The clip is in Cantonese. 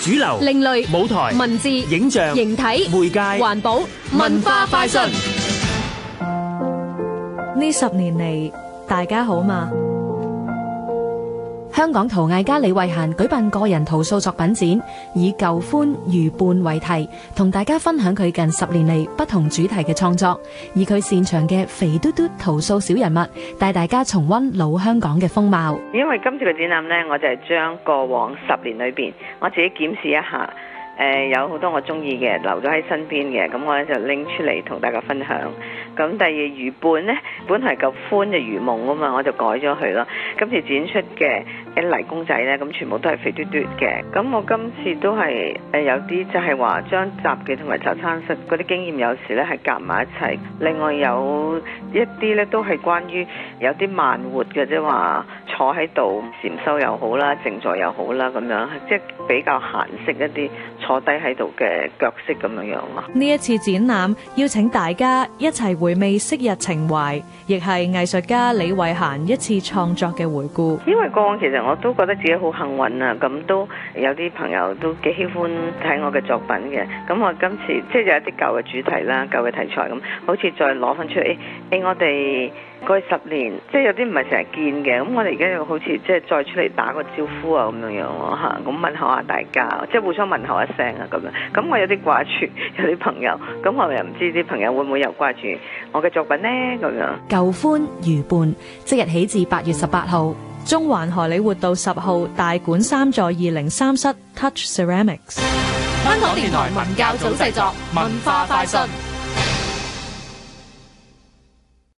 主流、另類、舞台、文字、影像、形體、媒介、環保、文化、快訊。呢十年嚟，大家好嘛？香港陶藝家李慧嫻舉辦個人陶塑作品展，以舊歡如伴為題，同大家分享佢近十年嚟，不同主題嘅創作，以佢擅長嘅肥嘟嘟陶塑小人物，帶大家重溫老香港嘅風貌。因為今次嘅展覽呢，我就係將過往十年裏邊，我自己檢視一下，誒、呃，有好多我中意嘅留咗喺身邊嘅，咁我咧就拎出嚟同大家分享。咁第二如伴呢，本係舊歡就如夢啊嘛，我就改咗佢咯。今次展出嘅啲泥公仔咧，咁全部都係肥嘟嘟嘅。咁我今次都係誒、呃、有啲，就係話將雜技同埋就餐室嗰啲經驗有時咧係夾埋一齊。另外有一啲咧都係關於有啲慢活嘅啫，話坐喺度禪修又好啦，靜坐又好啦，咁樣即係、就是、比較閒適一啲。坐低喺度嘅角色咁樣樣咯。呢一次展覽邀請大家一齊回味昔日情懷，亦係藝術家李慧嫻一次創作嘅回顧。因為過往其實我都覺得自己好幸運啊，咁都有啲朋友都幾喜歡睇我嘅作品嘅。咁我今次即係有一啲舊嘅主題啦，舊嘅題材咁，好似再攞翻出嚟。哎誒，hey, 我哋過去十年即係有啲唔係成日見嘅，咁我哋而家又好似即係再出嚟打個招呼啊咁樣樣，吓，咁問候下大家，即係互相問候一聲啊咁樣。咁我有啲掛住有啲朋友，咁我又唔知啲朋友會唔會又掛住我嘅作品呢？咁樣。樣樣樣樣舊歡如伴，即日起至八月十八號，中環荷里活道十號大館三座二零三室 Touch Ceramics。香港電台文教組製作，嗯、文化快訊。